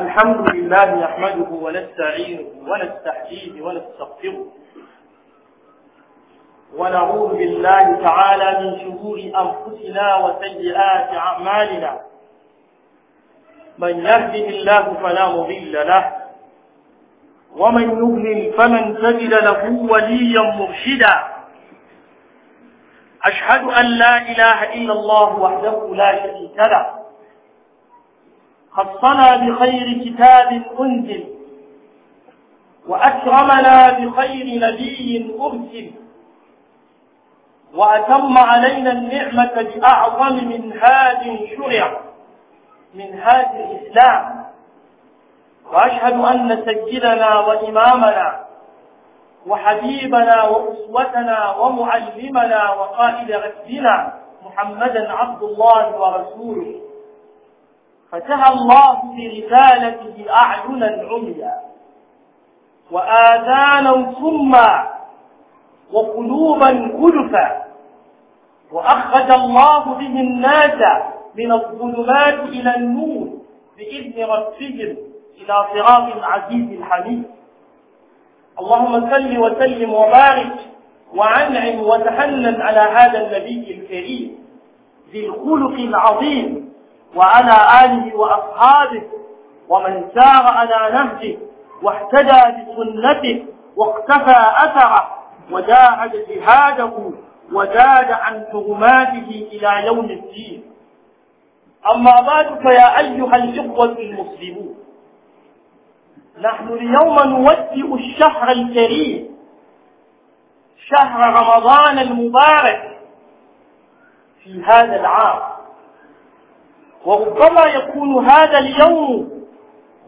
الحمد لله نحمده ونستعينه ونستحييه ونستغفره ونعوذ بالله تعالى من شرور أنفسنا وسيئات أعمالنا من يهده الله فلا مضل له ومن يضلل فمن تجد له وليا مرشدا أشهد أن لا إله إلا الله وحده لا شريك له خصنا بخير كتاب أنزل وأكرمنا بخير نبي أرسل وأتم علينا النعمة بأعظم منهاج شرع منهاج الإسلام وأشهد أن سيدنا وإمامنا وحبيبنا وأسوتنا ومعلمنا وقائد ركبنا محمدا عبد الله ورسوله فتح الله برسالته أعينا عميا وآذانا صما وقلوبا غلفا وأخرج الله به الناس من الظلمات إلى النور بإذن ربهم إلى صراط العزيز الحميد اللهم صل وسلم وبارك وعنعم وتحنن على هذا النبي الكريم ذي الخلق العظيم وعلى آله وأصحابه ومن سار على نهجه واهتدى بسنته واقتفى أثره وجاهد جهاده وزاد عن تهماته إلى يوم الدين أما بعد فيا أيها الإخوة المسلمون نحن اليوم نودع الشهر الكريم شهر رمضان المبارك في هذا العام وربما يكون هذا اليوم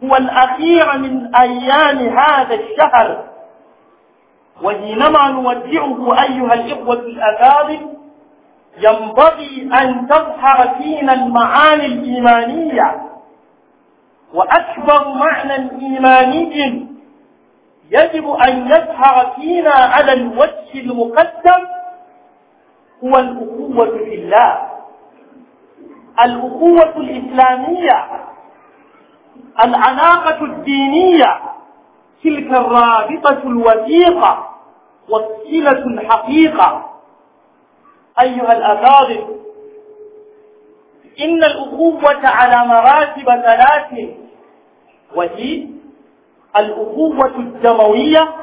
هو الأخير من أيام هذا الشهر وحينما نودعه أيها الإخوة الأكابر ينبغي أن تظهر فينا المعاني الإيمانية وأكبر معنى إيماني يجب أن يظهر فينا على الوجه المقدم هو الأخوة في الله الأخوة الإسلامية العلاقة الدينية تلك الرابطة الوثيقة والصلة الحقيقة أيها الأفاضل إن الأخوة على مراتب ثلاث وهي الأخوة الدموية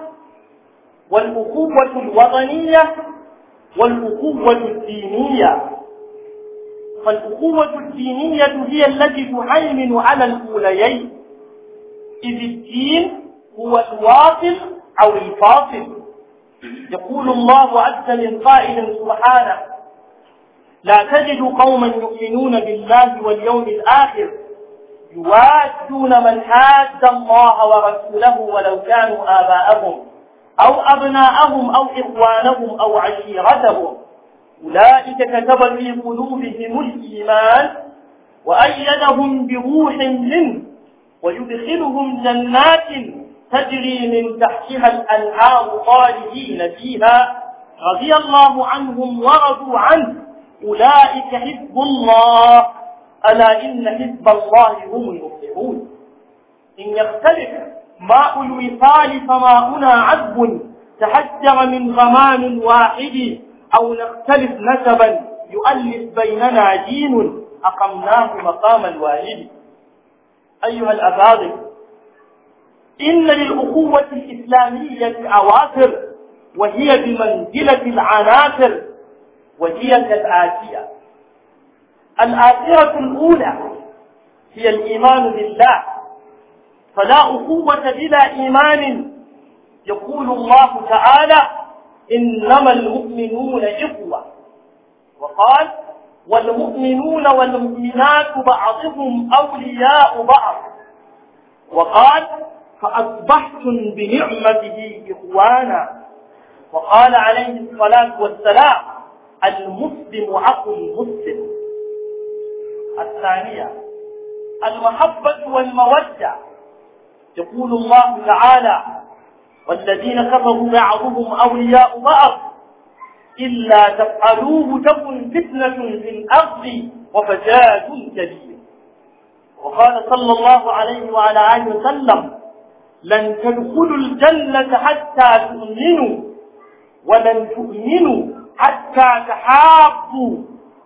والأخوة الوطنية والأخوة الدينية فالأخوة الدينية هي التي تهيمن على الأوليين إذ الدين هو الواصل أو الفاصل يقول الله عز من قائل سبحانه لا تجد قوما يؤمنون بالله واليوم الآخر يوادون من حاد الله ورسوله ولو كانوا آباءهم أو أبناءهم أو إخوانهم أو عشيرتهم أولئك كتب في قلوبهم الإيمان وأيدهم بروح منه ويدخلهم جنات تجري من تحتها الأنهار خالدين فيها رضي الله عنهم ورضوا عنه أولئك حزب الله ألا إن حزب الله هم المفلحون إن يختلف ماء الوصال فماؤنا عذب تحجر من غمام واحد أو نختلف نسبا يؤلف بيننا دين أقمناه مقام الوالد أيها الأفاضل إن للأخوة الإسلامية أواصر وهي بمنزلة العناصر وهي كالآتية الآخرة الأولى هي الإيمان بالله فلا أخوة بلا إيمان يقول الله تعالى إنما المؤمنون إخوة وقال والمؤمنون والمؤمنات بعضهم أولياء بعض وقال فأصبحتم بنعمته إخوانا وقال عليه الصلاة والسلام المسلم أخو المسلم الثانية المحبة والمودة يقول الله تعالى والذين كفروا بعضهم أولياء بعض إلا تفعلوه تكن فتنة في الأرض وفساد كبير وقال صلى الله عليه وعلى آله وسلم لن تدخلوا الجنة حتى تؤمنوا ولن تؤمنوا حتى تحابوا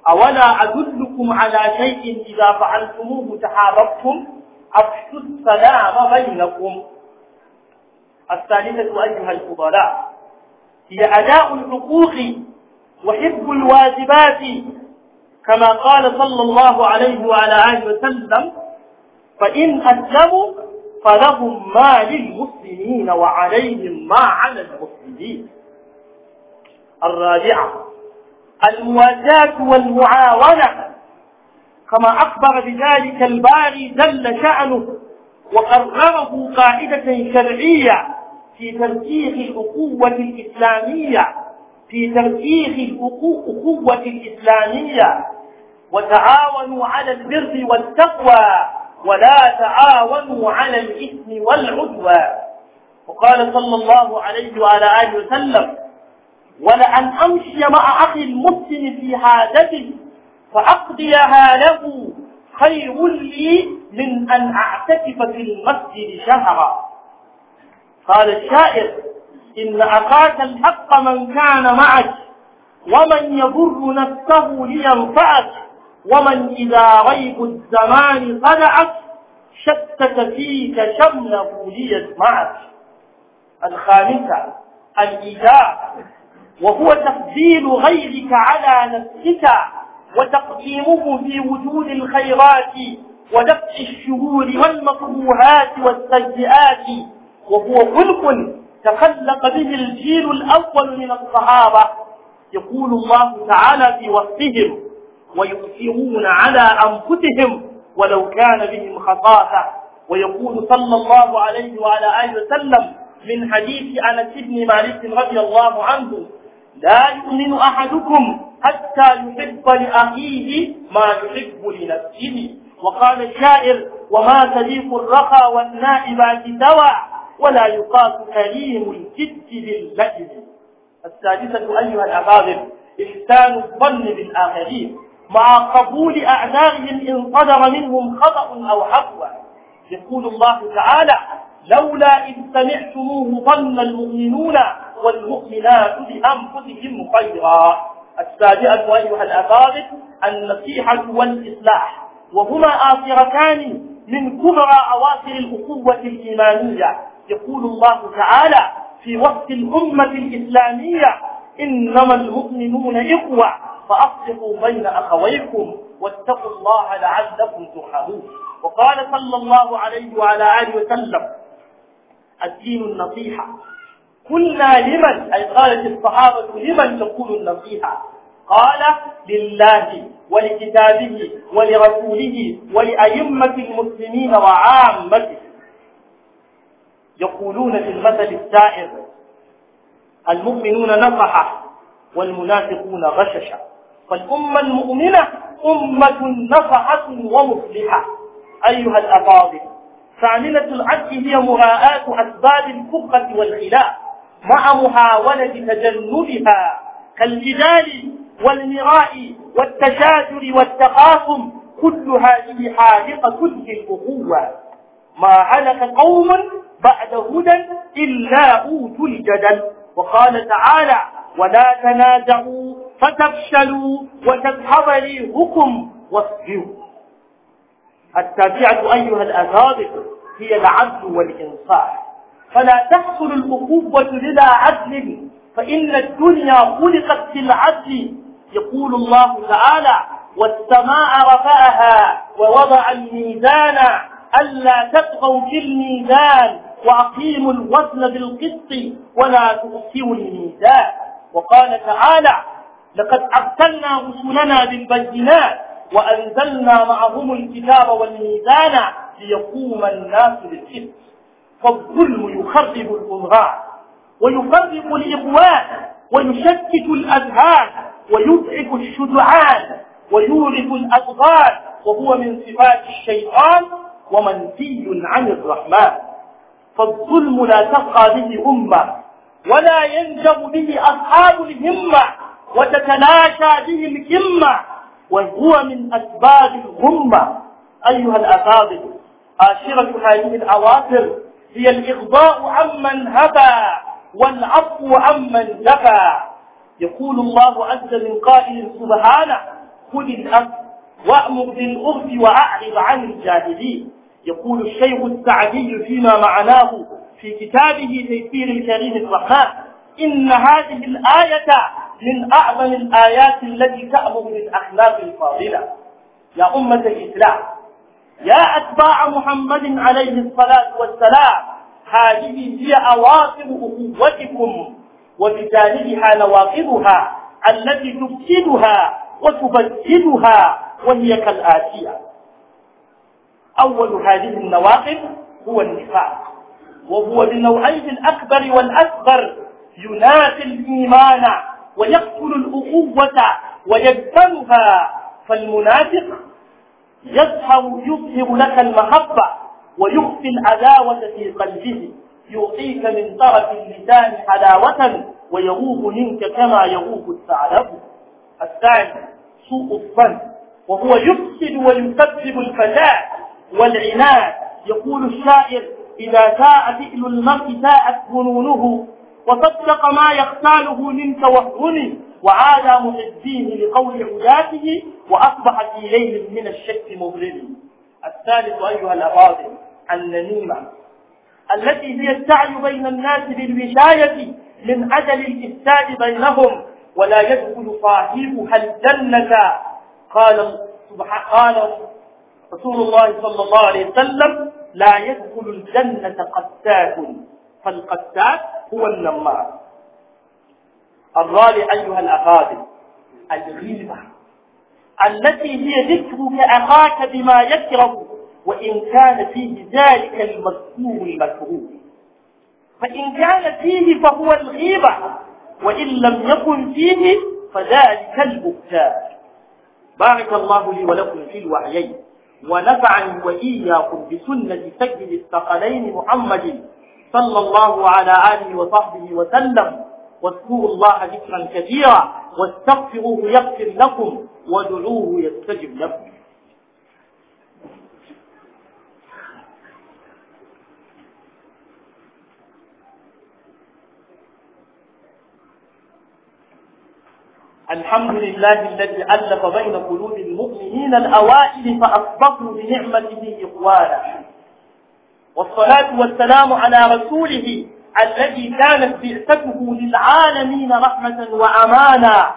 أولا أدلكم على شيء إذا فعلتموه تحاببتم أفشوا السلام بينكم الثالثة أيها الفضلاء هي أداء الحقوق وحب الواجبات كما قال صلى الله عليه وعلى آله وسلم فإن أسلموا فلهم ما للمسلمين وعليهم ما على المسلمين الرابعة المواجاة والمعاونة كما أخبر بذلك الباري جل شأنه وقرره قاعدة شرعية في ترتيخ الأخوة الإسلامية في ترتيخ الأخوة الإسلامية وتعاونوا على البر والتقوى ولا تعاونوا على الإثم والعدوى وقال صلى الله عليه وعلى آله وسلم ولأن أمشي مع أخي المسلم في حاجته فأقضيها له خير لي من أن أعتكف في المسجد شهرا قال الشاعر إن أخاك الحق من كان معك ومن يضر نفسه لينفعك ومن إذا ريب الزمان صدعك شتت فيك شمله ليسمعك الخامسة الإيجاب وهو تفضيل غيرك على نفسك وتقديمه في وجود الخيرات ودفع الشهور والمكروهات والسيئات وهو خلق تخلق به الجيل الأول من الصحابة يقول الله تعالى في وصفهم ويؤثرون على أنفسهم ولو كان بهم خطاها ويقول صلى الله عليه وعلى آله وسلم من حديث أنس بن مالك رضي الله عنه لا يؤمن أحدكم حتى يحب لأخيه ما يحب لنفسه وقال الشاعر وما تليق الرخا والنائبات سوى ولا يقاس كريم الجد باللئب السادسة أيها الأفاضل إحسان الظن بالآخرين مع قبول أعذارهم إن صدر منهم خطأ أو عفوا يقول الله تعالى لولا إذ سمعتموه ظن المؤمنون والمؤمنات بأنفسهم خيرا السابعة أيها الأفاضل النصيحة والإصلاح وهما آخرتان من كبرى أواخر الأخوة الإيمانية يقول الله تعالى في وقت الأمة الإسلامية إنما المؤمنون إخوة فأصلحوا بين أخويكم واتقوا الله لعلكم ترحمون وقال صلى الله عليه وعلى آله وسلم الدين النصيحة قلنا لمن أي قالت الصحابة لمن تقول النصيحة قال لله ولكتابه ولرسوله ولأئمة المسلمين وعامته يقولون في المثل السائر المؤمنون نصحة والمنافقون غششة فالأمة المؤمنة أمة نصحة ومصلحة أيها الأفاضل فعملة العدل هي مراءاة أسباب الفقة والخلاف مع محاولة تجنبها كالجدال والمراء والتشاجر والتخاصم كل هذه حالقة للأخوة الأخوة ما هلك قوم بعد هدى إلا أوتوا الجدل وقال تعالى ولا تنازعوا فتفشلوا وتذهب ريحكم واصبروا التابعة أيها الأساتذة هي العدل والإنصاف فلا تحصل الأخوة للا عدل فإن الدنيا خلقت في العدل يقول الله تعالى والسماء رفعها ووضع الميزان ألا تبغوا في الميزان وأقيموا الوزن بالقسط ولا تؤسروا الميزان وقال تعالى لقد أرسلنا رسلنا بالبينات وأنزلنا معهم الكتاب والميزان ليقوم الناس بالقسط فالظلم يخرب الأذهان ويفرق الإغواء ويشتت الأذهان ويضعف الشجعان ويورث الأبطال وهو من صفات الشيطان ومنفي عن الرحمن فالظلم لا تبقى به أمة ولا ينجب به أصحاب الهمة وتتلاشى به الكمة وهو من أسباب الغمة أيها الأفاضل عاشرة هذه الأواخر هي الإغضاء عمن هبى والعفو عمن جفى يقول الله عز من قائل سبحانه خذ الأب وأمر بالأرض وأعرض عن الجاهلين يقول الشيخ السعدي فيما معناه في كتابه تيسير الكريم الرحمن إن هذه الآية من أعظم الآيات التي تأمر بالأخلاق الفاضلة يا أمة الإسلام يا أتباع محمد عليه الصلاة والسلام هذه هي أواصر أخوتكم وبجانبها نواقضها التي تفسدها وتبجدها وهي كالآتية أول هذه النواقض هو النفاق وهو بالنوعين الأكبر والأكبر ينافي الإيمان ويقتل الأخوة ويدفنها فالمنافق يظهر يظهر لك المحبة ويخفي العداوة في قلبه يعطيك من طرف اللسان حلاوة ويغوب منك كما يغوب الثعلب الثاني سوء الظن وهو يفسد ويسبب الفساد والعناد يقول الشاعر إذا ساء فئل المرء ساءت ظنونه وصدق ما يختاله من توهن وعاد محبيه لقول عداته وأصبح في ليل من الشك مظلم الثالث أيها الأفاضل النميمة التي هي السعي بين الناس بالوشاية من أجل الإفساد بينهم ولا يدخل صاحبها الجنة قال قال رسول الله صلى الله عليه وسلم لا يدخل الجنة قتات فالقتال هو النمار الرابع أيها الأفاضل الغيبة التي هي ذكرك أخاك بما يكره وإن كان فيه ذلك المذكور المكروه فإن كان فيه فهو الغيبة وإن لم يكن فيه فذلك البكاء بارك الله لي ولكم في الوعيين ونفعني وإياكم بسنة سجل الثقلين محمد صلى الله على آله وصحبه وسلم واذكروا الله ذكرا كثيرا واستغفروه يغفر لكم وادعوه يستجب لكم الحمد لله الذي ألف بين قلوب المؤمنين الأوائل فأصبحوا بنعمته إخوانا والصلاة نعم. والسلام على رسوله الذي كانت بعثته للعالمين رحمة وأمانا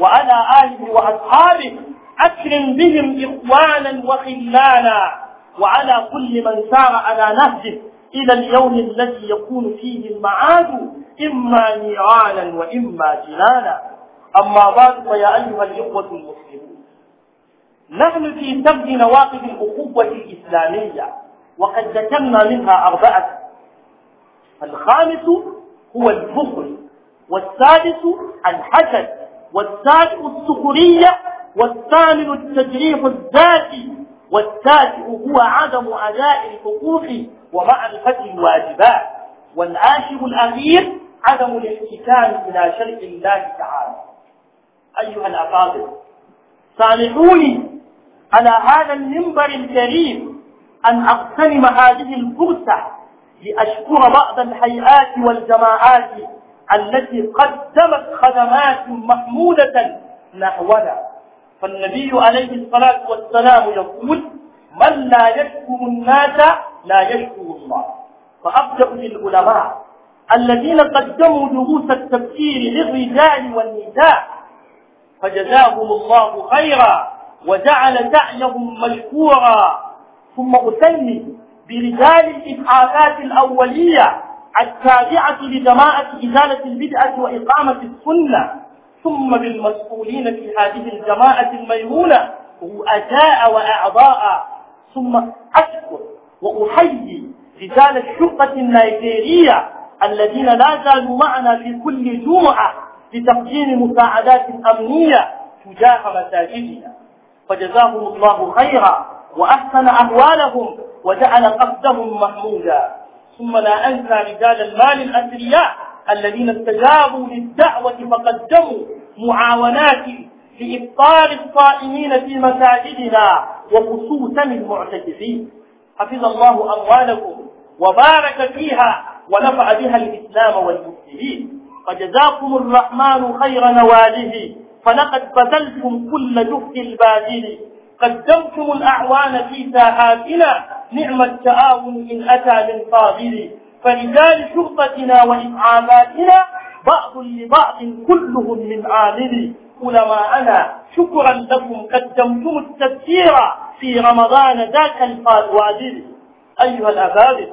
وعلى آله وأصحابه أكرم بهم إخوانا وخلانا وعلى كل من سار على نهجه إلى اليوم الذي يكون فيه المعاد إما نيرانا وإما جنانا أما بعد فيا أيها الإخوة المسلمون نحن في سبب نواقض الأخوة الإسلامية وقد ذكرنا منها أربعة الخامس هو البخل والسادس الحسد والسابع السخرية والثامن التجريح الذاتي والتاسع هو عدم أداء الحقوق ومعرفة الواجبات والعاشر الأخير عدم الاحتكام إلى شرع الله تعالى أيها الأفاضل سامحوني على هذا المنبر الكريم أن أغتنم هذه الفرصة لأشكر بعض الهيئات والجماعات التي قدمت خدمات محمودة نحونا فالنبي عليه الصلاة والسلام يقول من لا يشكر الناس لا يشكر الله فأبدأ للعلماء الذين قدموا دروس التفكير للرجال والنساء فجزاهم الله خيرا وجعل سعيهم مشكورا ثم أسلم برجال الإبعاثات الأولية التابعة لجماعة إزالة البدعة وإقامة السنة ثم بالمسؤولين في هذه الجماعة الميمونة رؤساء وأعضاء ثم أشكر وأحيي رجال الشرطة النيجيرية الذين لا زالوا معنا في كل جمعة لتقديم مساعدات أمنية تجاه مساجدنا فجزاهم الله خيرا وأحسن أهوالهم وجعل قصدهم محمودا ثم لا أنسى رجال المال الأثرياء الذين استجابوا للدعوة فقدموا معاونات لإبطال الصائمين في مساجدنا وخصوصا المعتكفين حفظ الله أموالكم وبارك فيها ونفع بها الإسلام والمسلمين فجزاكم الرحمن خير نواله فلقد بذلتم كل جهد الباذل قدمتم الأعوان في ساحاتنا نعم التعاون إن أتى للقابل فرجال شرطتنا وإطعاماتنا بعض لبعض كلهم من عامل علماءنا شكرا لكم قدمتم التذكير في رمضان ذاك الفاضل أيها الأبابل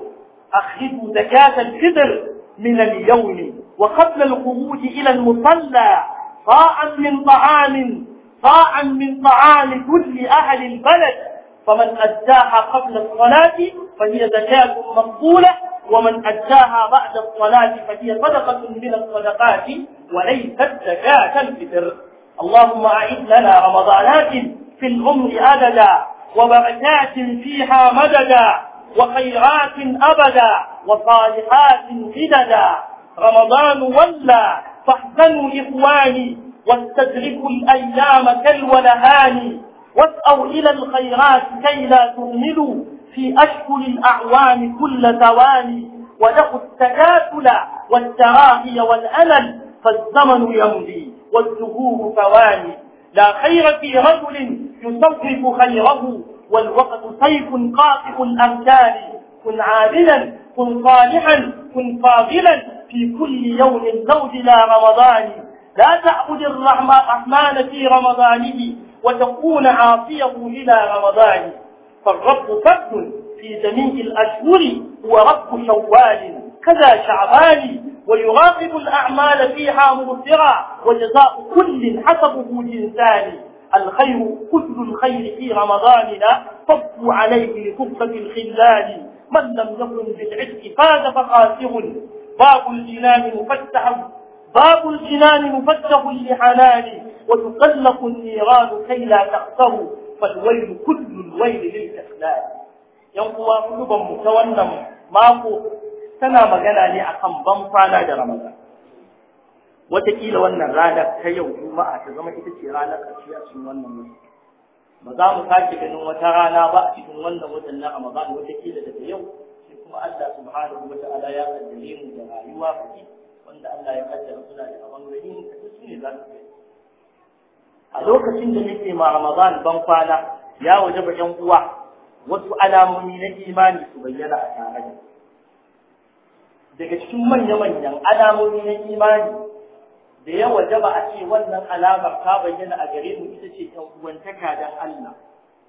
أخذوا زكاة الفطر من اليوم وقبل الخروج إلى المصلى صاعا من طعام طاعا من طعام كل أهل البلد فمن أداها قبل الصلاة فهي زكاة مقبولة ومن أداها بعد الصلاة فهي صدقة من الصدقات وليست زكاة الفطر اللهم أعد لنا رمضانات في العمر أددا وبركات فيها مددا وخيرات أبدا وصالحات غددا رمضان ولى فاحسنوا إخواني وتدرك الأيام كالولهان واسأوا إلى الخيرات كي لا تهملوا في أشكل الأعوام كل ثواني ودقوا التكاسل والتراهي والألل فالزمن يمضي والزهور ثواني لا خير في رجل يصرف خيره والوقت سيف قاطع الأمكان كن عادلا كن صالحا كن فاضلا في كل يوم زوج لا رمضان لا تعبد الرحمن في رمضانه وتكون عاصيه إلى رمضان فالرب فرد في جميع الأشهر هو رب شوال كذا شعبان ويراقب الأعمال فيها مبصرا وجزاء كل حسبه الإنسان الخير كل الخير في رمضاننا فضوا عليه لكفة الخلال من لم يكن بالعتق فاز فخاسر باب الجنان مفتح باب الجنان مفتق لحلال وتقلق النيران كي لا تخسروا فالويل كل الويل للتخلال ينقوا قلوبا متونا ماكو سنا مغانا لاخم اكن بنفانا لرمضان رمضان وتكيل وانا رانا كي يوم ما اتزم اتتي رانا كشي اسم وانا مجد ما وترانا بأتي كنو وانا رمضان وتكيل ده يوم يقول الله سبحانه وتعالى يا الدليل جرائي وافتي wanda Allah ya kaddara suna da abin gani da su ne za su gani a lokacin da nake ma Ramadan ban kwana ya waje ba yan uwa wasu alamomi na imani su bayyana a tare daga cikin manya-manyan alamomi na imani da ya waje ba a ce wannan alamar ta bayyana a gare mu ita ce ta uwantaka don Allah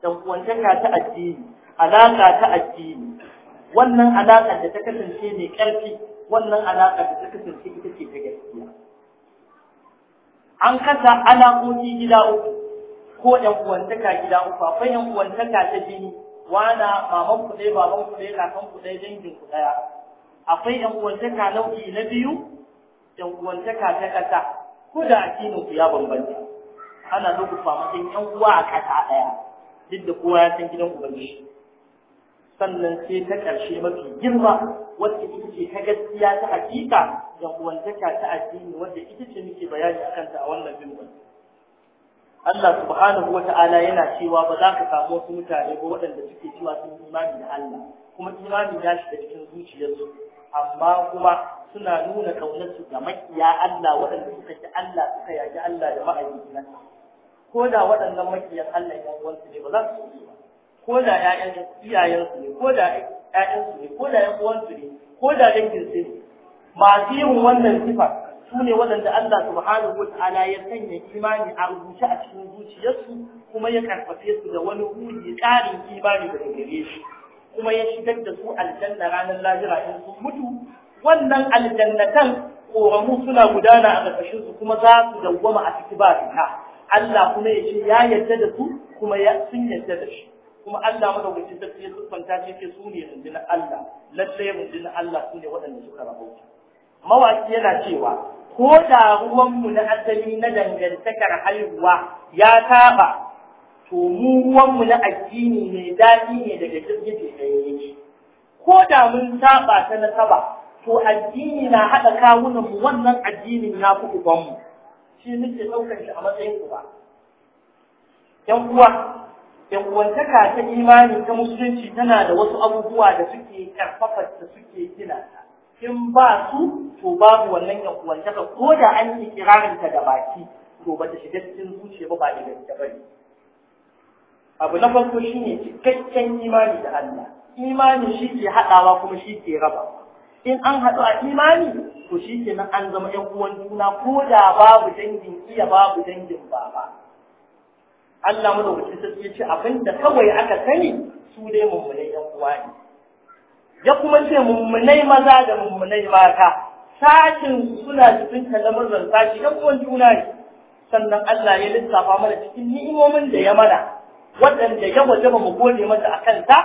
ta uwantaka ta addini alaƙa ta addini wannan alaka da ta kasance mai ƙarfi wannan alaƙa da ta kasance ita ce ta gaskiya an kasa alaƙoƙi gida uku ko ƴan uwantaka gida uku akwai ƴan uwantaka ta jini wana maman ku ɗaya baban ku ɗaya kakan ku ɗaya dangin ku ɗaya akwai ƴan uwantaka nau'i na biyu ƴan uwantaka ta ƙasa ko da addinin ku ya bambanta ana zo ku ƴan uwa a ƙasa ɗaya duk da kowa ya san gidan ubangiji sannan sai ta ƙarshe mafi girma wacce ita ce ta gaskiya ta hakika da kuwantaka ta addini wanda ita ce muke bayani a kanta a wannan bimbin Allah subhanahu wata'ala yana cewa ba za ka samu wasu mutane ba waɗanda suke cewa sun imani da Allah kuma imani ya shiga cikin zuciyarsu amma kuma suna nuna kaunarsu ga makiya Allah waɗanda suka ji Allah suka yaji Allah da ma'aikinsa ko da waɗannan makiyan Allah ya wansu ne ba za su ba ko da ƴaƴan iyayensu ne ko da ƴaƴansu ne ko da ƴan uwansu ne ko da dangin su ne masu yin wannan sifa su ne waɗanda Allah subhanahu wa ta'ala ya sanya imani a rubuce a cikin zuciyarsu kuma ya karfafe su da wani huri ƙarin imani daga gare shi kuma ya shigar da su aljanna ranar lahira in sun mutu wannan aljannatan ƙoramu suna gudana a ƙarƙashin su kuma za su dawwama a ciki ba Allah kuma ya ce ya yarda da su kuma sun yarda da shi kuma Allah madaukakin sarki ya siffanta shi ke su ne rundunar Allah lalle rundunar Allah su ne waɗanda suka rabu mawaki yana cewa ko da ruwanmu na asali na dangantakar haihuwa ya saba to mu ruwanmu na addini mai daɗi ne daga jirgin da ko da mun saba ta nasaba to addini na haɗa kawunan mu wannan addinin na fi ubanmu shi nake ɗaukar shi a matsayin uba ‘yan uwa yan uwantaka ta imani ta musulunci tana da wasu abubuwa da suke karfafa da suke gina ta in ba su to babu wannan yan uwantaka ko da an yi kirarin ta da baki to bata shiga cikin zuciya ba ba da gaske bane abu na farko shine cikakken imani da Allah imani shi ke haɗawa kuma shi ke raba in an haɗu a imani to shi ke nan an zama ‘yan uwan juna ko da babu dangin iya babu dangin baba Allah madaukakin sarki ya ce abinda kawai aka sani su dai mummunai yan uwa ne ya kuma ce mummunai maza da mummunai mata sashin suna cikin kalamuran sashi ɗan uwan juna ne sannan Allah ya lissafa mana cikin ni'imomin da ya mana waɗanda ya ba mu gode masa a kanta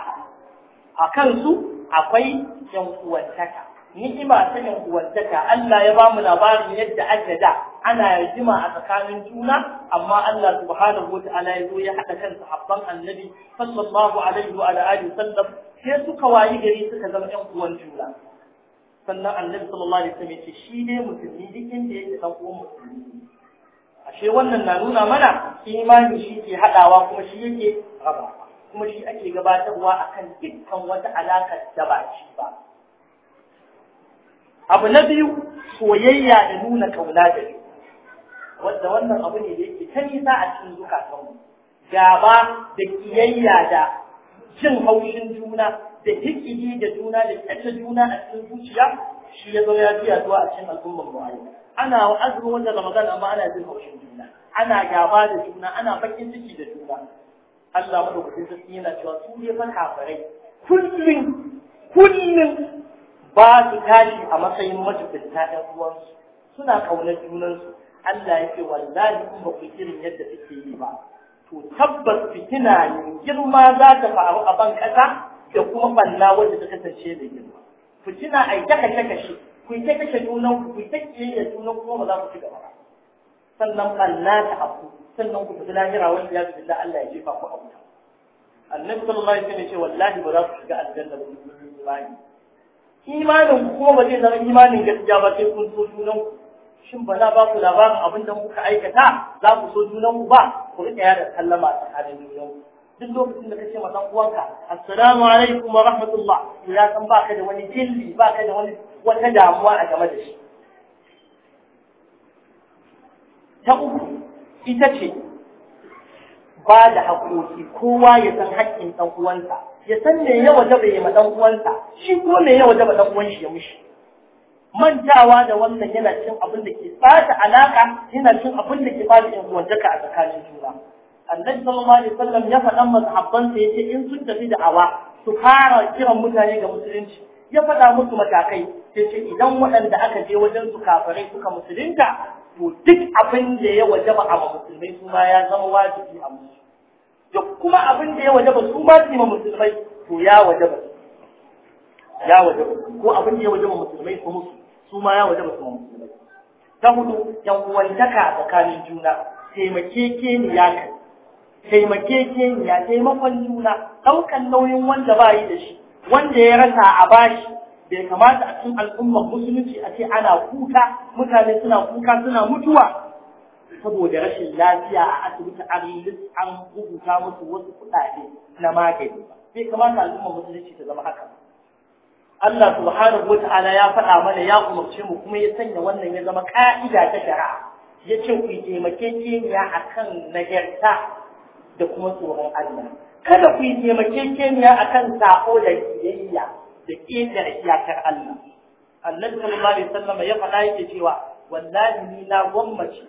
a kansu akwai yan taka. ni'ima ta uwantaka, Allah ya bamu labarin yadda ake da ana yajima a tsakanin juna amma Allah subhanahu wata'ala ya zo ya haɗa kansa, habban annabi sallallahu alaihi wa alihi sallam sai suka wayi gari suka zama yan uwan juna sannan annabi sallallahu alaihi wasallam ya ce shi ne musulmi duk inda yake dan uwan musulmi ashe wannan na nuna mana imani shi ke haɗawa kuma shi yake raba. kuma shi ake gabatarwa akan dukkan wata alaƙar da ba shi ba abu na biyu soyayya da nuna kauna da ni wanda wannan abu ne da yake ta nisa a cikin zukatanmu gaba da kiyayya da jin haushin juna da hikidi da juna da kyace juna a cikin zuciya shi ya zo ya biya zuwa a cikin al'ummar mu ana azumin wannan ramadan amma ana jin haushin juna ana gaba da juna ana bakin ciki da juna Allah madaukakin sarki yana cewa su ne fa kafirai kullum kullum ba su tashi a matsayin majifinta ɗan uwansu suna ƙaunar junansu Allah ya ce wallahi kun ba ku irin yadda suke yi ba to tabbas fitina ne girma za ta faru a ban ƙasa da kuma ɓanna wanda ta kasance da girma fitina ai ka kashe shi. ku ta kashe junan ku ta kiyaye junan kuma ba za ku ci gaba sannan banna ta abu sannan ku fita lahira wanda ya zubi Allah ya jefa ku a wuta annabi sallallahu alaihi wasallam ya ce wallahi ba za ku shiga aljanna ba ku imani imanin kuma ba zai zama imanin gaskiya ba sai kun so junan ku shin ba na ba ku labarin abin da kuka aikata za ku so junan ku ba ku riƙa yada sallama tsakanin junan ku duk lokacin da ka ce masa uwanka assalamu alaikum wa rahmatullah to ya san baka da wani jilli baka da wani wata damuwa a game da shi ta uku ita ce ba da haƙoƙi kowa ya san haƙƙin ɗan uwansa ya san me ya waje bai ma ɗan uwansa shi ko me ya waje ba ɗan uwan shi ya mushi mantawa da wannan yana cin abin da ke ɓata alaƙa yana cin abin da ke in ƴan uwantaka a tsakanin juna annabi sallallahu alaihi wasallam ya faɗa masahabbansa yace in sun tafi da awa su fara kiran mutane ga musulunci ya faɗa musu matakai yace idan waɗanda aka je wajen su kafirai suka musulunta to duk abin da ya wajaba a musulmai kuma ya zama wajibi a musulmai duk kuma abin da ya wajaba su ma su ma musulmai to ya wajaba ya wajaba ko abin da ya wajaba musulmai su musu su ma ya wajaba su ma musulmai ta hudu yan uwantaka tsakanin juna ya kai ya taimakon juna ɗaukan nauyin wanda ba yi da shi wanda ya rasa a bashi bai kamata a cikin al'ummar musulunci a ce ana kuka mutane suna kuka suna mutuwa saboda rashin lafiya a asibiti an an rubuta musu wasu kuɗaɗe na magani sai kamata al'umma musulunci ta zama haka Allah subhanahu wata'ala ya faɗa mana ya umarce mu kuma ya sanya wannan ya zama ka'ida ta shari'a ya ce ku taimakekeniya akan nagarta da kuma tsoron Allah kada ku taimakekeniya akan saƙo da kiyayya da ƙetare iyakar Allah Allah sallallahu alaihi wasallam ya faɗa yake cewa wallahi ni na gwammace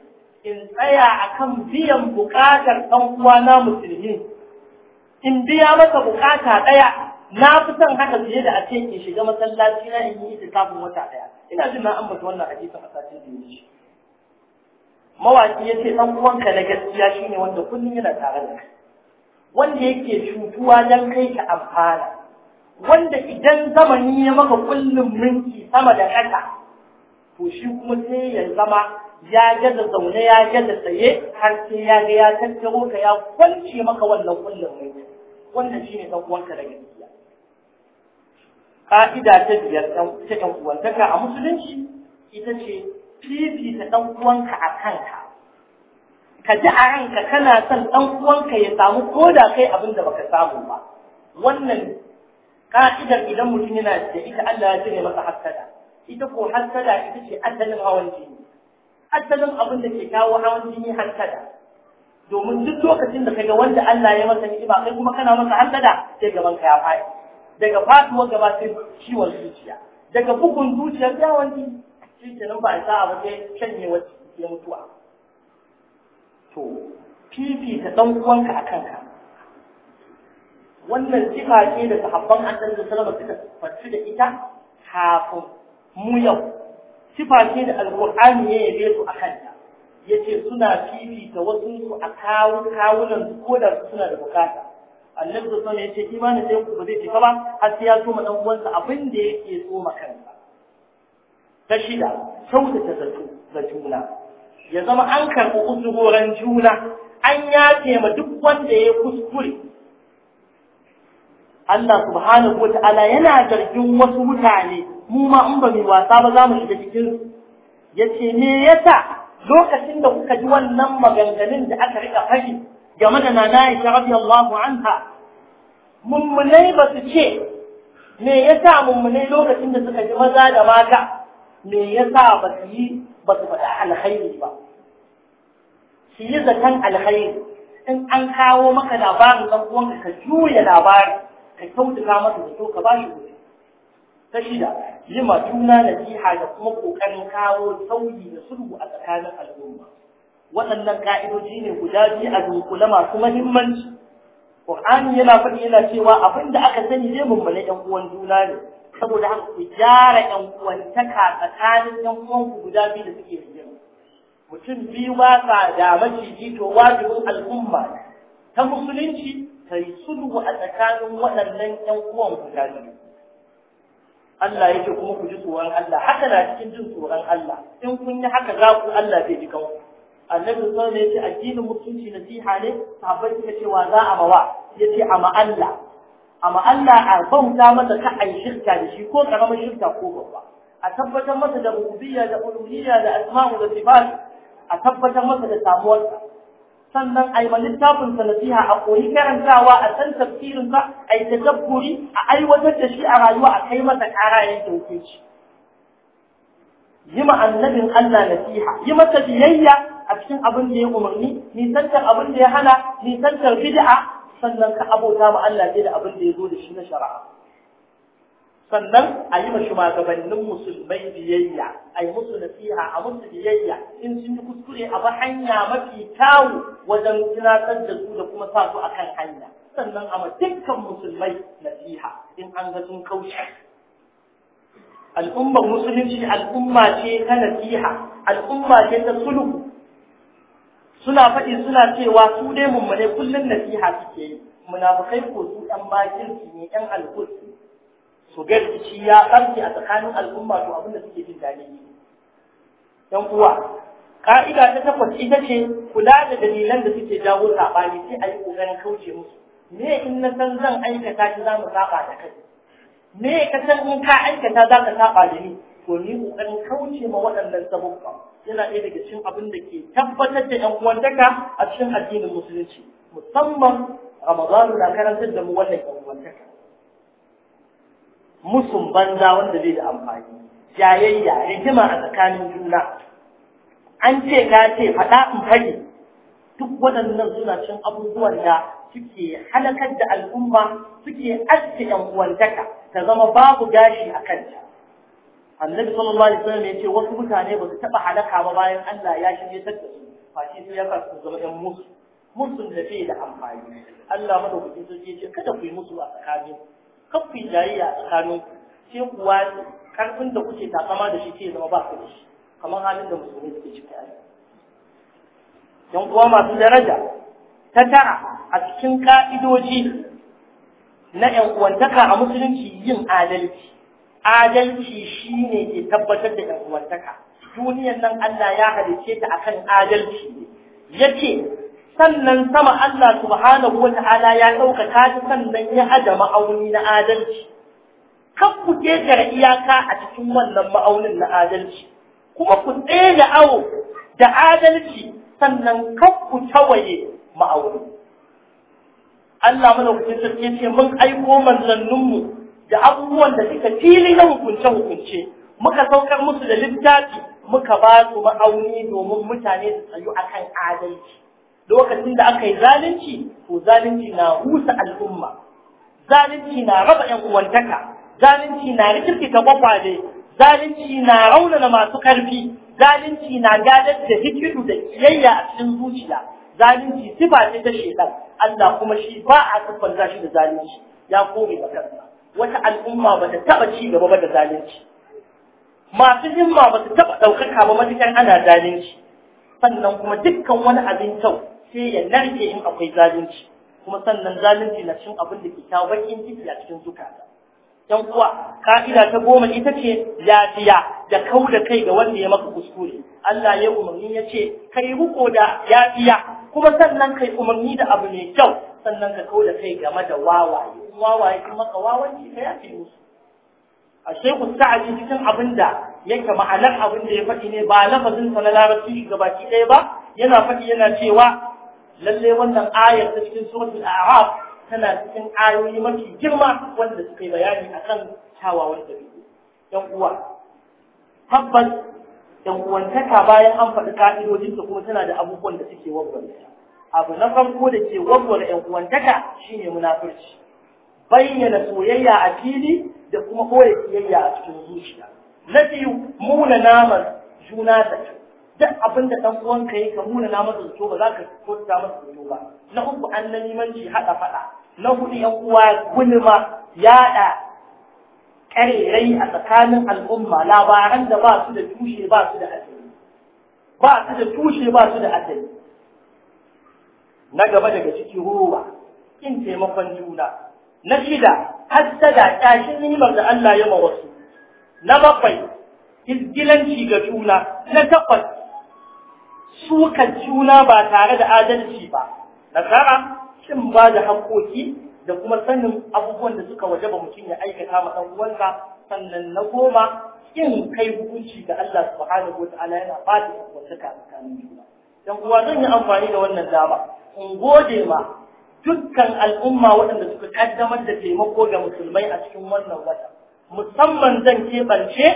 in tsaya a kan biyan buƙatar ɗan na musulmi in biya masa buƙata ɗaya na fi son haka fiye da a ce in shiga masallaci na in yi itikafin wata ɗaya ina jin na ambata wannan hadisin a satin da yake mawaki ya ce ɗan uwanka na gaskiya shine wanda kullum yana tare da kai wanda yake cutuwa don kai ka amfana wanda idan zamani ya maka kullum minti sama da ƙasa to shi kuma sai ya zama ya gada zaune ya gada tsaye har sai ya ga ya tattaro ka ya kwance maka wannan kullum mai wannan shine dan uwanka da gaskiya ka'ida ta biyar dan ta dan uwantaka a musulunci ita ce fifita dan uwanka a kanka ka ji a ranka kana son dan uwanka ya samu koda kai abin da baka samu ba wannan ka'idar idan mutum yana da ita Allah ya cire masa hassada ita ko hassada ita ce adalin hawan jini asalin abin da ke kawo hawan jini hasada domin duk lokacin da kaga wanda Allah ya masa ni'ima kai kuma kana masa hasada sai gaban ka ya faɗi daga faduwa gaba sai ciwon zuciya daga bugun zuciyar ya jini shi ke nan ba a sa'a ba sai canye wacce ke mutuwa to fifi ta dan uwanka a kanka wannan sifa ce da sahabban annabi sallallahu alaihi wasallam suka fatu da ita kafin mu yau sifa ce da alƙur'ani ya yabe su a kanta yace suna fifita wasu su a kawo kawunan ko da suna da bukata annabi sun ya ce sai ku ba zai ba har sai ya so ma dan uwansa abin da yake so ma kansa ta shida ta zato ga juna ya zama an karɓi usugoran juna an yace ma duk wanda ya kuskure Allah subhanahu wa ta'ala yana zargin wasu mutane mu ma in ba mu wasa ba za mu shiga cikin ya ce me yasa lokacin da kuka ji wannan maganganun da aka rika faɗi game da nana rabi radiyallahu anha mummunai ba su ce me yasa mummunai lokacin da suka ji maza da mata me yasa ba su yi ba su faɗa alkhairi ba su yi zaton alkhairi in an kawo maka labarin ɗan uwanka ka juya labarin ka kyautata masa da so ka ba shi ta shida yi ma juna jiha, da kuma ƙoƙarin kawo sauyi da sulhu a tsakanin al'umma waɗannan ka'idoji ne guda biyu a dunkule masu muhimmanci Qur'ani yana faɗi yana cewa abin da aka sani zai mummune ƴan uwan juna ne saboda haka ku gyara ƴan uwantaka tsakanin ƴan uwanku guda biyu da suke rigima mutum biyu ba sa da maciji to wajibin al'umma ta musulunci ta yi sulhu a tsakanin waɗannan ƴan uwan guda biyu Allah yake kuma ku ji tsoron Allah haka na cikin jin tsoron Allah in kun yi haka za ku Allah zai ji kanku annabi sallallahu alaihi wasallam addinin mutunci nasiha ne sahabbai suka ce wa za a mawa yace ama Allah ama Allah a bauta masa ka ai shirka da shi ko karamar shirka ko babba a tabbatar masa da rububiyya da uluhiyya da asma'u da sifat a tabbatar masa da samuwarsa sannan a yi ma littafin salafiha a koyi karantawa a san tafsirin ba a yi tadabburi a aiwatar da shi a rayuwa a kai masa kara ya dauke shi yi ma annabin Allah nasiha yi masa biyayya a cikin abin da ya umarni nisantar abin da ya hana nisantar bid'a sannan ka abota ma Allah sai da abin da ya zo da shi na shari'a sannan a yi ma shugabannin musulmai biyayya a yi musu nasiha a musu biyayya in sun yi kuskure a ba hanya mafi kyawu wajen tunatar da su da kuma sa su a kan hanya sannan a dukkan musulmai nasiha in an ga sun kauce al'ummar musulunci al'umma ce ta nasiha al'umma ce ta sulhu suna faɗi suna cewa su dai mummune kullum nasiha suke yi munafukai ko su ɗan bakin su ne ɗan alkur su gaskiya ya ɓarke a tsakanin al'umma to abin da suke jin daɗi ne ɗan uwa ka'ida ta takwas ita ce kula da dalilan da suke jawo sabani sai a yi ƙoƙarin kauce musu me in na san zan aikata shi za mu saba da kai me ka san in ka aikata za ka saba da ni to ni ƙoƙarin kauce ma waɗannan sabubba yana ɗaya daga cikin abin da ke tabbatar da ƴan uwantaka a cikin addinin musulunci musamman ramadanu na karantar da mu wannan ƴan uwantaka musun banza wanda zai da amfani jayayya rigima a tsakanin juna an ce na ce faɗa in fari duk waɗannan suna cin abubuwan da suke halakar da al'umma suke aske ƴan uwantaka ta zama babu gashi a kanta annabi sallallahu alaihi wasallam ya ce wasu mutane ba su taɓa halaka ba bayan Allah ya shige ta da fashi sai ya ka su zama yan musu musu da fi da amfani Allah madaukakin sarki ya ce kada ku yi musu a tsakanin kan ku yi a tsakanin sai kuwa karfin da kuke takama da shi ke zama ba ku da shi kamar halin da musulmi suke ciki a yan uwa masu daraja ta tara a cikin ka'idoji na yan uwantaka a musulunci yin adalci adalci shine ke tabbatar da yanuwantaka uwantaka duniyar nan Allah ya halice ta akan adalci ne yace sannan sama Allah subhanahu wata'ala ya ɗaukaka ta sannan ya hada ma'auni na adalci kan ku ƙetare iyaka a cikin wannan ma'aunin na adalci kuma ku daina awo da adalci sannan kan ku tawaye ma'auni Allah mana ku sarki ce mun aiko manzanninmu da abubuwan da suka fili na hukunce hukunce muka saukar musu da littafi muka ba su ma'auni domin mutane su tsayu akan adalci lokacin da aka yi zalunci to zalunci na rusa al'umma zalunci na raba yan uwantaka zalunci na kwakwa dai, zalunci na raunana masu karfi zalunci na gadar da hikiru da kiyayya a cikin zuciya zalunci sifa ce ta shekar Allah kuma shi ba a siffanta zashi da zalunci ya kore ba kansa wata al'umma ba ta taɓa ci gaba ba da zalunci masu himma ba su taɓa ɗaukaka ba matuƙar ana zalunci sannan kuma dukkan wani abin kyau sai ya narke in akwai zalunci kuma sannan zalunci na cin abin da ke kawo bakin ciki a cikin zukata ‘yan kuwa ka'ida ta goma ita ce lafiya da kau da kai ga wanda ya maka kuskure. Allah ya umarni ya ce, kai riko da lafiya. kuma sannan kai umarni da abu mai kyau, sannan ka kau da kai game da wawaye. Wawaye kuma ka wawanci ka fi musu. A shehu sa'adi cikin abin da yake ma'anar abin da ya faɗi ne ba lafazin sa na larabci baki ɗaya ba, yana faɗi yana cewa lallai wannan ayar ta cikin suratul A'raf tana cikin ayoyi mafi girma wanda suka yi bayani akan kyawawan dabi'u yan uwa tabbas yan uwantaka bayan an faɗi da kuma tana da abubuwan da suke wabwanta abu na farko da ke wabwara yan uwantaka shine munafurci bayyana soyayya a fili da kuma koya siyayya a cikin zuciya na biyu muna naman juna da duk abin da ɗan uwanka yi ka muna na masa zato ba za ka kyauta masa zato ba na uku an na haɗa faɗa na huɗu ƴan uwa gulma yaɗa ƙarerai a tsakanin al'umma labaran da ba su da tushe ba su da asali ba su da tushe ba su da asali na gaba daga ciki ruwa in taimakon juna na shida da ƙashin nimar da Allah ya ma wasu na bakwai izgilanci ga juna na takwas sukan juna ba tare da adalci ba nasara cin ba da haƙoƙi da kuma sanin abubuwan da suka waje ba mutum ya aikata wa ɗan uwansa sannan na goma in kai hukunci ga Allah subhanahu wataala yana ba da wasu tsakanin juna dan uwa zan yi amfani da wannan dama in gode ma dukkan al'umma waɗanda suka ƙaddamar da taimako ga musulmai a cikin wannan wata musamman zan keɓance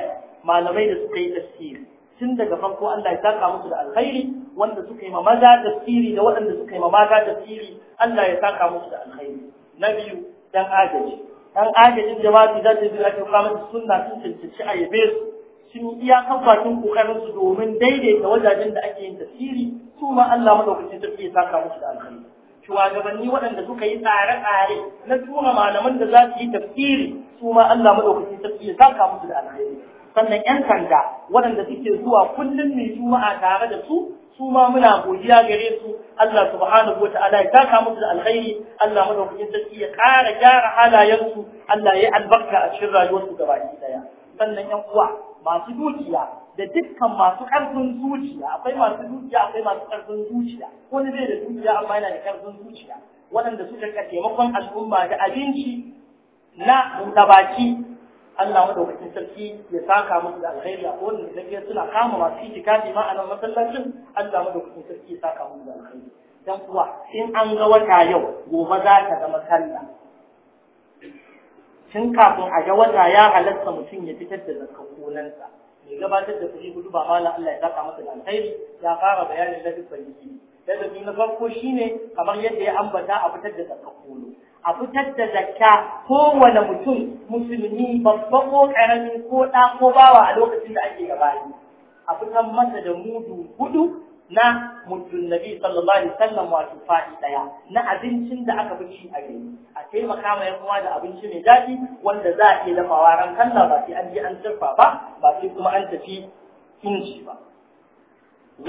malamai da suka yi tasiri tun daga farko Allah ya saka musu da alkhairi wanda suka yi ma maza tafsiri da waɗanda suka yi ma mata tafsiri Allah ya saka musu da alkhairi na biyu dan agaji dan agajin jama'a da ta jira ta kama sunna sun cancanci a yabe su sun iya kan bakin kokarin su domin daidaita wajajen da ake yin tafsiri su ma Allah madaukakin sarki ya saka musu da alkhairi shugabanni waɗanda suka yi tsare-tsare na tura malaman da za su yi tafsiri su ma Allah madaukakin sarki ya saka musu da alkhairi sannan yan sanda waɗanda suke zuwa kullum mai juma'a tare da su su ma muna godiya gare su Allah subhanahu wata'ala ya taka musu da alkhairi Allah madaukakin sarki ya ƙara gyara halayensu Allah ya albarka a cikin rayuwarsu gabaki daya sannan yan uwa masu dukiya da dukkan masu ƙarfin zuciya akwai masu dukiya, akwai masu ƙarfin zuciya wani zai da dukiya, amma yana da ƙarfin zuciya waɗanda suka ka taimakon al'umma da abinci na buɗa baki Allah madaukakin sarki ya saka musu da alkhairi a kowane da suna kama masu itikafi ma a nan masallacin Allah madaukakin sarki ya saka musu da alkhairi Don kuwa in an ga wata yau gobe za ta zama sallah tun kafin a ga wata ya halatta mutum ya fitar da zakkan mai gabatar da kuɗi gudu ba mala Allah ya saka masa da alkhairi ya fara bayanin ladabban yake ladabi na farko shine kamar yadda ya ambata a fitar da zakkan a fitar da zakka kowane mutum musulmi babba ko karami ko ɗa ko bawa a lokacin da ake gabani a fitar masa da mudu hudu na mutun nabi sallallahu alaihi wasallam wato fadi daya na abincin da aka fi ci a gari a taimaka ma yan uwa da abinci mai daɗi wanda za a iya dafawa ran kalla ba sai an je an turfa ba ba sai kuma an tafi inji ba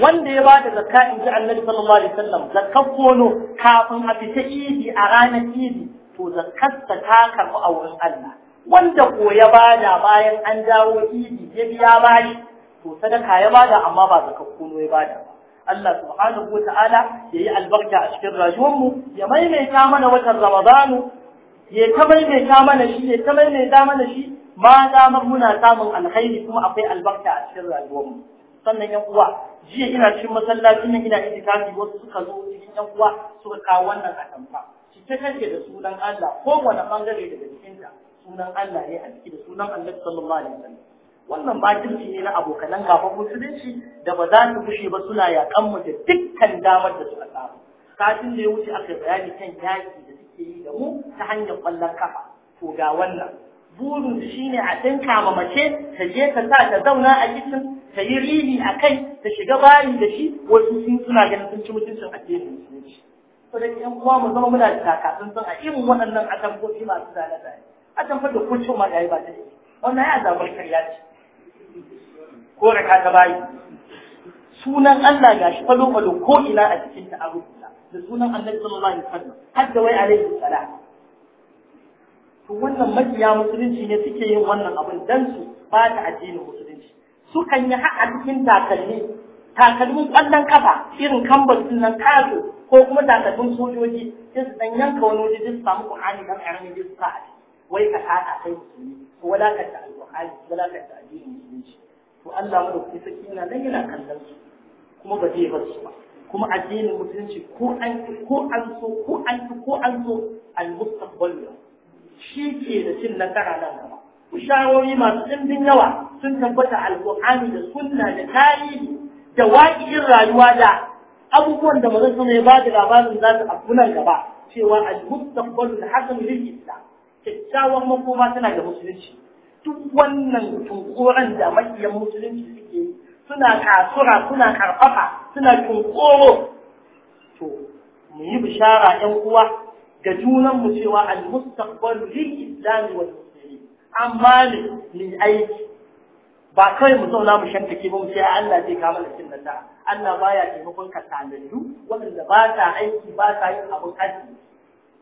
wanda ya bada zakka in ji annabi sallallahu alaihi wasallam zakkar gono kafin a fita idi a ranar idi to zakkarsa ta karɓi a wurin Allah wanda ko ya bada bayan an dawo idi ya biya bashi to sadaka ya bada amma ba zakar gono ya bada ba Allah subhanahu wa ta'ala ya yi albarka a cikin rayuwarmu ya maimaita mana watan Ramadanu ya ta maimaita mana shi ya ta maimaita mana shi ma damar muna samun alkhairi kuma akwai albarka a cikin rayuwarmu sannan yan uwa jiya ina cikin masallaci ne ina itikafi wasu suka zo cikin yan uwa suka kawo wannan atamfa shi ta kake da sunan Allah ko wani bangare daga cikinta sunan Allah ne a ciki da sunan Allah sallallahu alaihi wasallam wannan batilci ne na abokanan gaban musulunci da ba za su kushe ba suna yakan mu da dukkan damar da suka samu kafin da ya wuce aka bayani kan yaki da suke yi da mu ta hanyar kwallon kafa to ga wannan burin shine a tinka ma mace ta je ta sa ta zauna a kicin ta yi rini a kai ta shiga bayi da shi wasu sun suna ganin sun ci mutuncin addinin musulunci to da ƴan uwa mu zama muna da sun san a irin waɗannan atamfofi masu zalata atamfar da ko cewa yayi ba ta yi wannan ya zabar karya ce ko raka ta bayi sunan Allah gashi falo falo ko ina a cikin ta abu da sunan Annabi sallallahu alaihi wasallam hadda wai alaihi salam to wannan majiya musulunci ne suke yin wannan abin dan su ba ta addinin musulunci sukan yi haɗa cikin takalmi takalmin ƙwallon kafa irin kambar sunan kaso ko kuma takalmin sojoji sai su ɗan yanka wani waje sai su samu ƙur'ani don ƙaramin sai su sa a ciki wai ka haɗa kai musulmi ko walakanta alƙur'ani walakanta addinin musulunci to Allah mu dauki saki na nan yana kallon su kuma ba zai bar su ba kuma addinin musulunci ko an ko an so ko an so ko an so al-mustaqbal shi ke da cin nasara nan gaba kushawoyi masu ɗimbin yawa sun tabbata alƙur'ani da sunna da tarihi da waƙiƙin rayuwa da abubuwan da mazan sama ba da labarin za su abu nan gaba cewa al-mustaqbalu al-hasan lil islam kyakkyawan makoma tana da musulunci duk wannan tunkoran da makiyan musulunci suke suna kasura suna karfafa suna tunkoro to mu yi bishara 'yan uwa ga junan mu cewa al-mustaqbalu lil islam wal amma ne ni aiki ba kawai mu zauna mu shanta ke ba mu ce Allah zai kama da cin nasara Allah baya taimakon ka sanaddu waɗanda ba ta aiki ba ta yin abin aji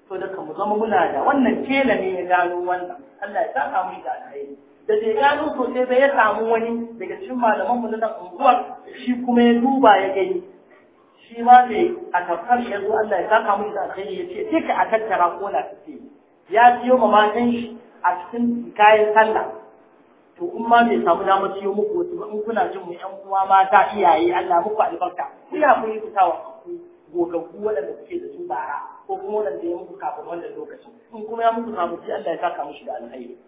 to da mu zama muna da wannan kela ne ya gano wannan Allah ya saka mu da alheri da bai gano sosai bai ya samu wani daga cikin malaman mu na unguwar shi kuma ya duba ya gani shi ma ne a tafkar ya zo Allah ya saka mu da alheri ya ce duka a tattara ko na ya biyo ma matan shi a cikin kayan sallah to in ma me samu damar ciyo muku wasu ba in kuna jin mu yan uwa mata iyaye Allah muku albarka ku ya ku yi fitawa ku gogaggu waɗanda suke da su bara ko kuma waɗanda ya muku kafin wannan lokaci in kuma ya muku samu sai Allah ya saka mushi da alheri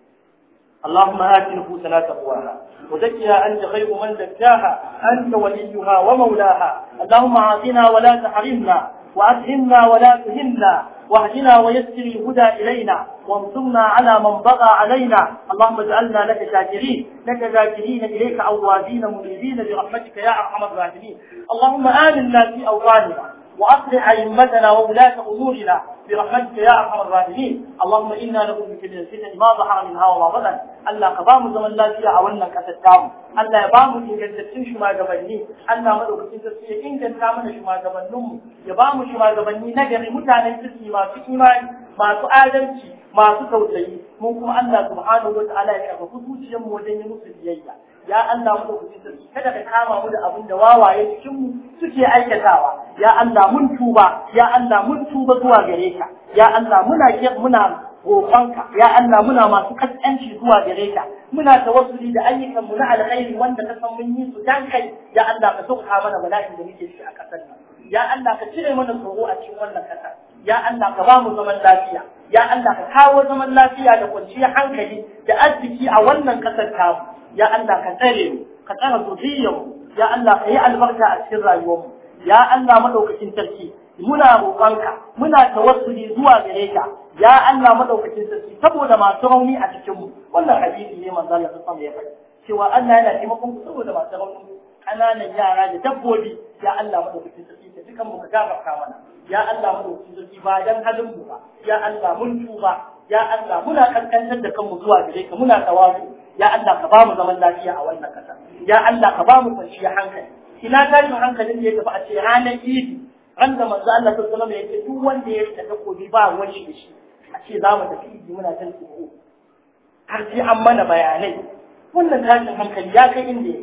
اللهم آت نفوسنا تقواها وزكها أنت خير من زكاها أنت وليها ومولاها اللهم أعطنا ولا تحرمنا وألهمنا ولا تهمنا واهدنا ويسر الهدى إلينا وانصرنا على من بغى علينا اللهم اجعلنا لك شاكرين لك ذاكرين إليك أوابين منيبين برحمتك يا أرحم الراحمين اللهم آمنا في أوطاننا وأصلح أئمتنا وولاة أمورنا برحمتك يا أرحم الراحمين اللهم إنا نعوذ بك من الفتن ما ظهر منها وما بطن Allah ka ba mu zaman lafiya a wannan ƙasar Allah ya ba mu ingantattun shugabanni Allah madaukakin sarki ya inganta mana shugabanninmu ya ba mu shugabanni na gari mutanen kirki masu imani masu adalci masu tausayi mun kuma Allah subhanahu wa ta'ala ya karfafa zuciyarmu wajen yi musu biyayya ya Allah mu da kuɗi kada ka kama mu da abin da wawaye cikin mu suke aikatawa ya Allah mun tuba ya Allah mun tuba zuwa gare ka ya Allah muna muna roƙonka ya Allah muna masu kaskanci zuwa gare ka muna tawassuli da ayyukan mu na alkhairi wanda ka san mun yi su dan kai ya Allah ka sauka mana bala'in da muke shi a kasar nan ya Allah ka cire mana tsoro a cikin wannan kasa ya Allah ka ba mu zaman lafiya ya Allah ka kawo zaman lafiya da kwanciyar hankali da arziki a wannan kasar tamu ya Allah ka tsare mu ka tsara zuriyar ya Allah ka yi albarka a cikin rayuwar mu ya Allah madaukakin sarki muna roƙonka muna tawassuli zuwa gare ka ya Allah madaukakin sarki saboda masu rauni a cikin mu wannan hadisi ne manzo Allah sallallahu alaihi wasallam cewa Allah yana taimakon ku saboda masu rauni ƙananan yara da dabbobi ya Allah madaukakin sarki ka dukan mu ka gafarta mana ya Allah madaukakin sarki ba dan halin mu ba ya Allah mun tuba ya Allah muna kankantar da kanmu zuwa gare ka muna tawazu ya Allah ka bamu zaman lafiya a wannan kasa ya Allah ka bamu mu kwanciyar hankali ina tashin hankalin da ya tafi a ce ranar idi ran da manzo Allah sallallahu zama wasallam yake ce duk wanda ya rika takobi ba wani da shi a ce za mu tafi idi muna jin tsoro har sai an mana bayanai wannan tashin hankali ya kai inda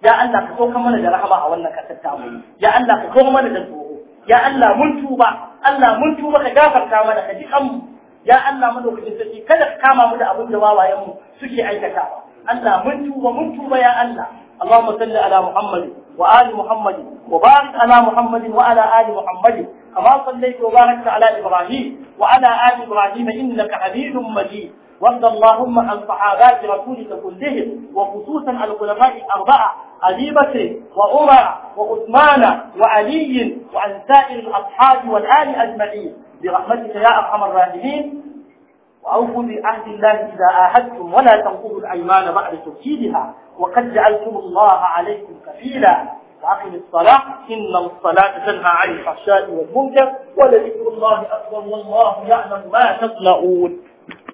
ya ya Allah ka sauka mana da rahama a wannan kasar ta mu ya Allah ka sauka mana da tsoro ya Allah mun tuba Allah mun tuba ka gafarta mana ka ji kanmu يا Allah mu dauki sai kada ka kama mu da abin da wawayen mu suke aikata Allah mun tuba mun tuba ya Allah اللهم صل على محمد وآل محمد وبارك على محمد وعلى آل محمد كما صليت وباركت على إبراهيم وعلى آل إبراهيم إنك حميد مجيد وارض اللهم عن صحابات رسولك كلهم وخصوصا عن الخلفاء الأربعة أبي بكر وعمر وعثمان وعلي وعن سائر الأصحاب والآل أجمعين برحمتك يا أرحم الراحمين وأوفوا بعهد الله إذا عاهدتم ولا تنقضوا الأيمان بعد توكيدها وقد جعلتم الله عليكم كفيلا وأقم الصلاة إن الصلاة تنهى عن الفحشاء والمنكر ولذكر الله أكبر والله يعلم ما تصنعون